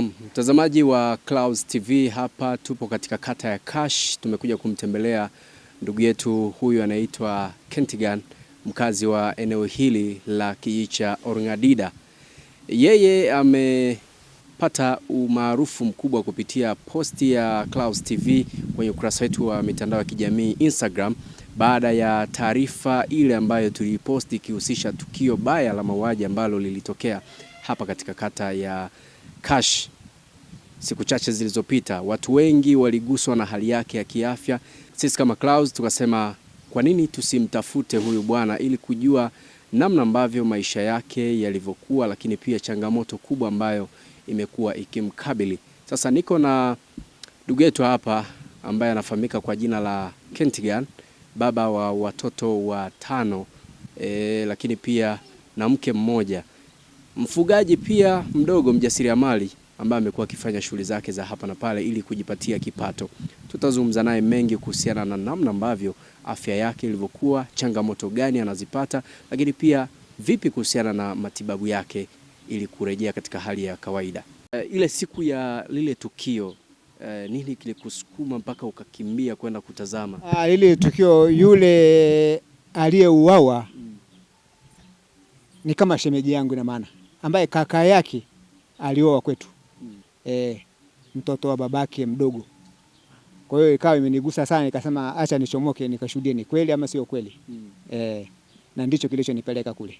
Naam, mtazamaji wa Clouds TV, hapa tupo katika kata ya Kash. Tumekuja kumtembelea ndugu yetu huyu anaitwa Kentigan, mkazi wa eneo hili la kijiji cha Orngadida. Yeye amepata umaarufu mkubwa kupitia posti ya Clouds TV kwenye ukurasa wetu wa mitandao ya kijamii Instagram, baada ya taarifa ile ambayo tuliposti ikihusisha tukio baya la mauaji ambalo lilitokea hapa katika kata ya Cash siku chache zilizopita, watu wengi waliguswa na hali yake ya kiafya. Sisi kama Clouds tukasema kwa nini tusimtafute huyu bwana ili kujua namna ambavyo maisha yake yalivyokuwa, lakini pia changamoto kubwa ambayo imekuwa ikimkabili. Sasa niko na ndugu yetu hapa ambaye anafahamika kwa jina la Kentigan, baba wa watoto watano e, lakini pia na mke mmoja mfugaji pia mdogo, mjasiriamali ambaye amekuwa akifanya shughuli zake za hapa na pale ili kujipatia kipato. Tutazungumza naye mengi kuhusiana na namna ambavyo afya yake ilivyokuwa, changamoto gani anazipata, lakini pia vipi kuhusiana na matibabu yake ili kurejea katika hali ya kawaida. E, ile siku ya lile tukio e, nini kilikusukuma mpaka ukakimbia kwenda kutazama? Ah, lile tukio yule aliyeuawa mm. ni kama shemeji yangu ina maana ambaye kaka yake alioa kwetu hmm. E, mtoto wa babake mdogo. Kwa hiyo ikawa imenigusa sana, nikasema acha nichomoke nikashuhudie ni kweli ama sio kweli mm. E, na ndicho kilichonipeleka kule.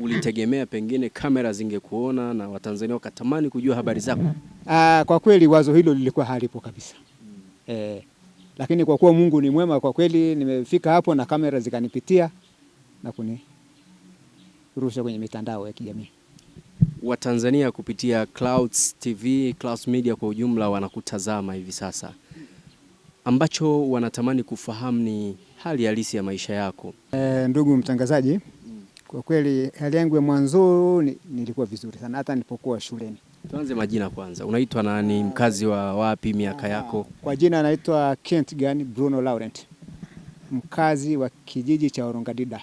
Ulitegemea pengine kamera zingekuona na Watanzania wakatamani kujua habari zako? Aa, kwa kweli wazo hilo lilikuwa halipo kabisa hmm. E, lakini kwa kuwa Mungu ni mwema, kwa kweli nimefika hapo na kamera zikanipitia na kunirusha kwenye mitandao ya kijamii. Watanzania kupitia Clouds TV, Clouds Media kwa ujumla wanakutazama hivi sasa, ambacho wanatamani kufahamu ni hali halisi ya maisha yako. E, ndugu mtangazaji, kwa kweli hali yangu ya mwanzo nilikuwa vizuri sana hata nilipokuwa shuleni. Tuanze majina kwanza, unaitwa nani? Ah. Mkazi wa wapi? Miaka ah, yako? Kwa jina Kent Gani Bruno Laurent, mkazi wa kijiji cha Orongadida,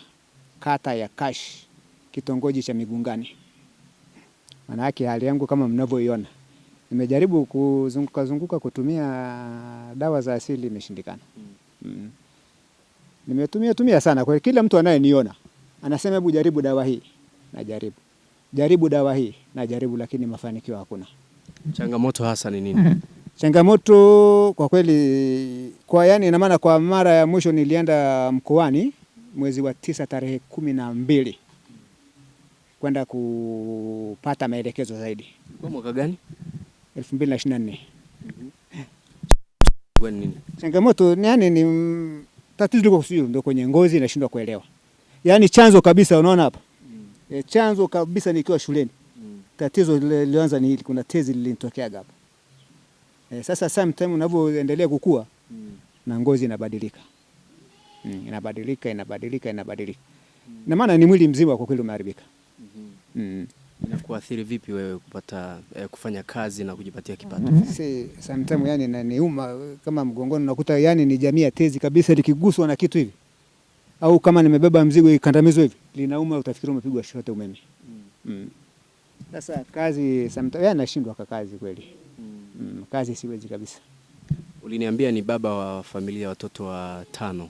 kata ya Kash, kitongoji cha Migungani manake hali yangu kama mnavyoiona, nimejaribu kuzunguka zunguka kutumia dawa za asili imeshindikana. Mm. Nimetumia tumia sana kwa kila mtu anayeniona anasema hebu jaribu dawa hii, najaribu jaribu dawa hii, najaribu lakini mafanikio hakuna. Changamoto hasa ni nini? Changamoto kwa kweli, kwa yani, ina maana kwa mara ya mwisho nilienda mkoani mwezi wa tisa tarehe kumi na mbili kwenda kupata maelekezo zaidi. Kwa Mwaka gani? 2024. nini? Changamoto yani ni tatizo liko sio ndio kwenye ngozi inashindwa kuelewa. Yaani chanzo kabisa unaona hapa. Mm. E, chanzo kabisa nikiwa shuleni. Mm. Tatizo lilianza ni kuna tezi lilinitokea hapa. E, eh, sasa sometime unavyoendelea kukua mm. na ngozi inabadilika. Mm, inabadilika inabadilika inabadilika. Mm. Na maana ni mwili mzima kwa kweli umeharibika mm. na kuathiri vipi wewe kupata eh, kufanya kazi na kujipatia kipato? mm -hmm. Si sometimes yani naniuma kama mgongoni nakuta yani ni jamii ya tezi kabisa likiguswa na kitu hivi. Au kama nimebeba mzigo ikandamizwa hivi, linauma utafikiri umepigwa shote umeme. Mm. mm. Sasa kazi sometimes yani nashindwa kwa kazi kweli. Mm. mm. Kazi siwezi kabisa. Uliniambia ni baba wa familia watoto wa tano.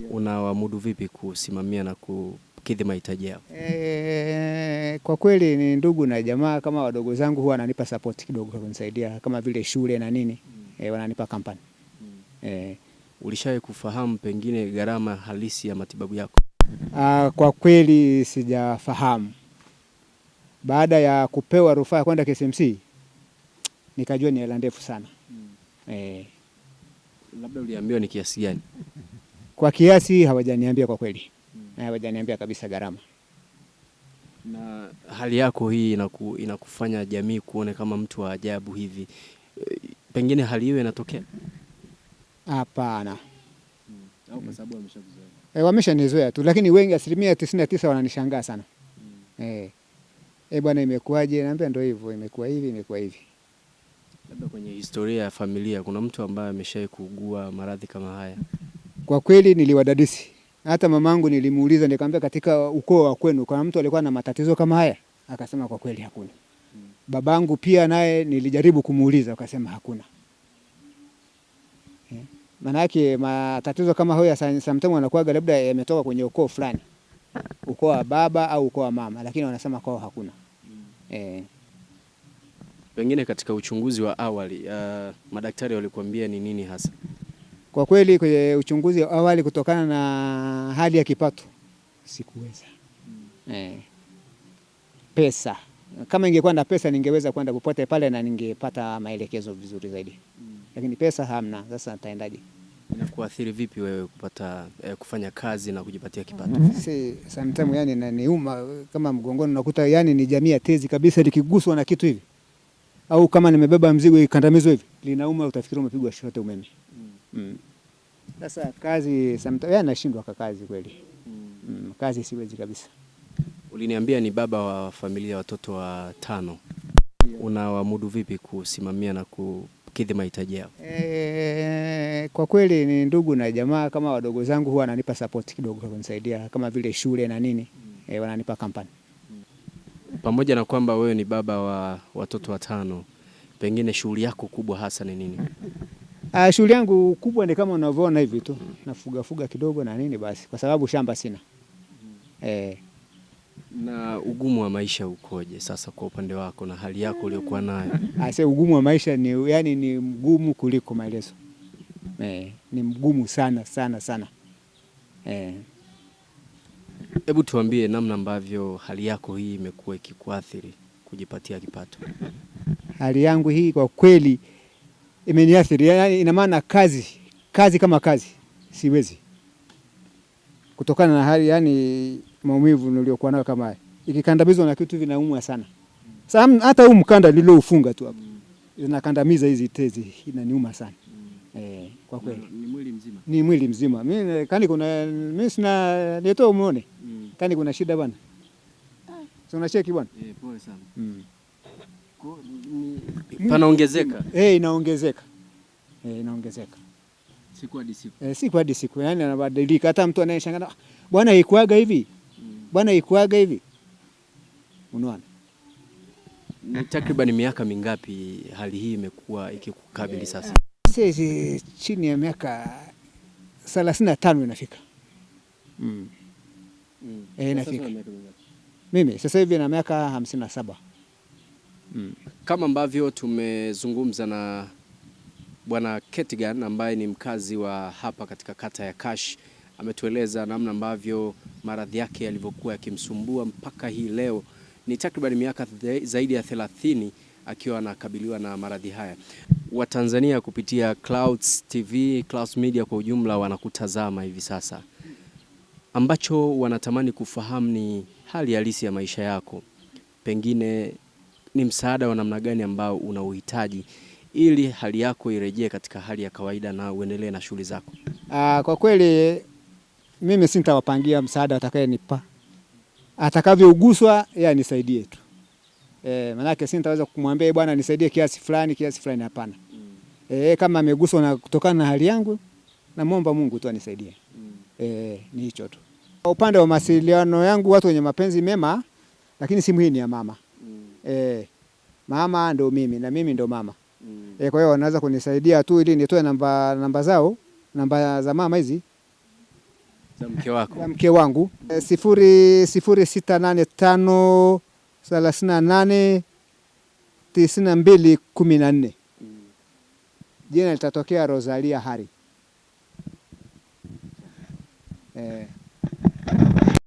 Yeah. Unawamudu vipi kusimamia na kukidhi mahitaji yao? Eh, Eh, kwa kweli ni ndugu na jamaa kama wadogo zangu huwa wananipa support kidogo kwa kunisaidia kama vile shule na nini. Mm. Eh, wananipa kampani. Mm. Eh, ulishawahi kufahamu pengine gharama halisi ya matibabu yako? Ah, kwa kweli sijafahamu. Baada ya kupewa rufaa kwenda KCMC nikajua ni hela ndefu sana. Mm. Eh, labda uliambiwa ni kiasi gani? Kwa kiasi hawajaniambia kwa kweli. Mm. Hawajaniambia kabisa gharama. Na hali yako hii inaku, inakufanya jamii kuone kama mtu wa ajabu hivi, pengine hali hiyo inatokea? Hapana. Hmm. Hmm. E, wameshanizoea tu, lakini wengi asilimia tisini na tisa wananishangaa sana. Hmm. Eh. eh. bwana imekuwaje? Naambia ndio hivyo, imekuwa hivi, imekuwa hivi. Labda kwenye historia ya familia kuna mtu ambaye ameshawahi kuugua maradhi kama haya? Kwa kweli niliwadadisi hata mamangu nilimuuliza, nikamwambia katika ukoo wa kwenu kuna mtu alikuwa na matatizo kama haya? Akasema kwa kweli hakuna. Babangu pia naye nilijaribu kumuuliza, akasema hakuna. Eh, Manake matatizo kama hayo sometimes wanakuwa labda yametoka kwenye ukoo fulani, ukoo wa baba au ukoo wa mama, lakini wanasema kwao hakuna. Eh. Pengine katika uchunguzi wa awali uh, madaktari walikuambia ni nini hasa? Kwa kweli kwenye uchunguzi wa awali kutokana na hali ya kipato sikuweza. Mm. Eh, pesa kama ingekuwa na pesa ningeweza kwenda popote pale na ningepata maelekezo vizuri zaidi. Mm. Lakini pesa hamna, sasa nitaendaje? Inakuathiri vipi wewe kupata eh, kufanya kazi na kujipatia kipato? Mm-hmm. Si sometimes, yani naniuma kama mgongoni, nakuta yani ni jamii ya tezi kabisa, likiguswa na kitu hivi au kama nimebeba mzigo ikandamizwa hivi linauma, utafikiri umepigwa shote umeme. Mm. Mm. Sasa mm. kazi samtaya yaani anashindwa kwa kazi kweli mm. Mm, kazi siwezi kabisa. Uliniambia ni baba wa familia watoto wa tano yeah. Unawamudu vipi kusimamia na kukidhi mahitaji yao? E, kwa kweli ni ndugu na jamaa kama wadogo zangu huwa wananipa support kidogo kunisaidia kama vile shule na nini mm. e, wananipa kampani mm. Pamoja na kwamba wewe ni baba wa watoto watano, pengine shughuli yako kubwa hasa ni nini? Uh, shughuli yangu kubwa ni kama unavyoona hivi tu nafuga fuga kidogo na nini basi, kwa sababu shamba sina mm-hmm. eh. Na ugumu wa maisha ukoje sasa kwa upande wako na hali yako uliokuwa nayo? Ase ah, ugumu wa maisha ni yani, ni mgumu kuliko maelezo eh, ni mgumu sana sana sana eh. Hebu tuambie namna ambavyo hali yako hii imekuwa ikikuathiri kujipatia kipato. Hali yangu hii kwa kweli imeniathiri. Yani ina maana kazi kazi kama kazi siwezi, kutokana na hali yani maumivu niliyokuwa nayo, kama haya ikikandamizwa na kitu vinaumwa sana. Sasa hata huu mkanda niliofunga tu hapo zinakandamiza hizi tezi, inaniuma sana mm. eh, kwa kweli ni mwili mzima, ni mwili mzima. Mimi kani kuna mimi sina leto, umeone mm. kani kuna shida bwana, ah. cheki bwana, eh, pole sana. Mm panaongezeka eh, inaongezeka eh, inaongezeka siku hadi siku eh, siku hadi siku, yani anabadilika. Hata mtu anayeshangaa ah, bwana, ikuaga hivi mm. bwana, ikuaga hivi. Unaona, ni takriban miaka mingapi hali hii imekuwa ikikukabili sasa? Sisi eh, eh, chini ya miaka thelathini na tano inafika mm. Mm. Eh, inafika mimi sasa hivi na miaka hamsini na saba. Kama ambavyo tumezungumza na Bwana Ketigan ambaye ni mkazi wa hapa katika kata ya Kash, ametueleza namna ambavyo maradhi yake yalivyokuwa yakimsumbua mpaka hii leo. Ni takriban miaka zaidi ya 30 akiwa anakabiliwa na maradhi haya. Watanzania kupitia Clouds TV, Clouds Media kwa ujumla wanakutazama hivi sasa, ambacho wanatamani kufahamu ni hali halisi ya maisha yako, pengine ni msaada wa namna gani ambao unauhitaji ili hali yako irejee katika hali ya kawaida na uendelee na shughuli zako? Aa, ah, kwa kweli mimi sintawapangia msaada atakayenipa, atakavyoguswa yeye anisaidie tu e, manake nitaweza kumwambia bwana nisaidie kiasi fulani kiasi fulani, hapana. Mm. Eh, kama ameguswa na kutokana na hali yangu namwomba Mungu tu anisaidie. Mm. Eh, ni hicho tu. Kwa upande wa mawasiliano yangu, watu wenye mapenzi mema, lakini simu hii ni ya mama. Mm. Eh, mama ndo mimi na mimi ndo mama mm. E, kwa hiyo wanaweza kunisaidia tu ili nitoe namba namba zao namba za mama hizi za mke wako za mke wangu e, sifuri sifuri sita nane tano thelathini na nane tisini na mbili kumi na nne mm. Jina litatokea Rosalia Hari eh.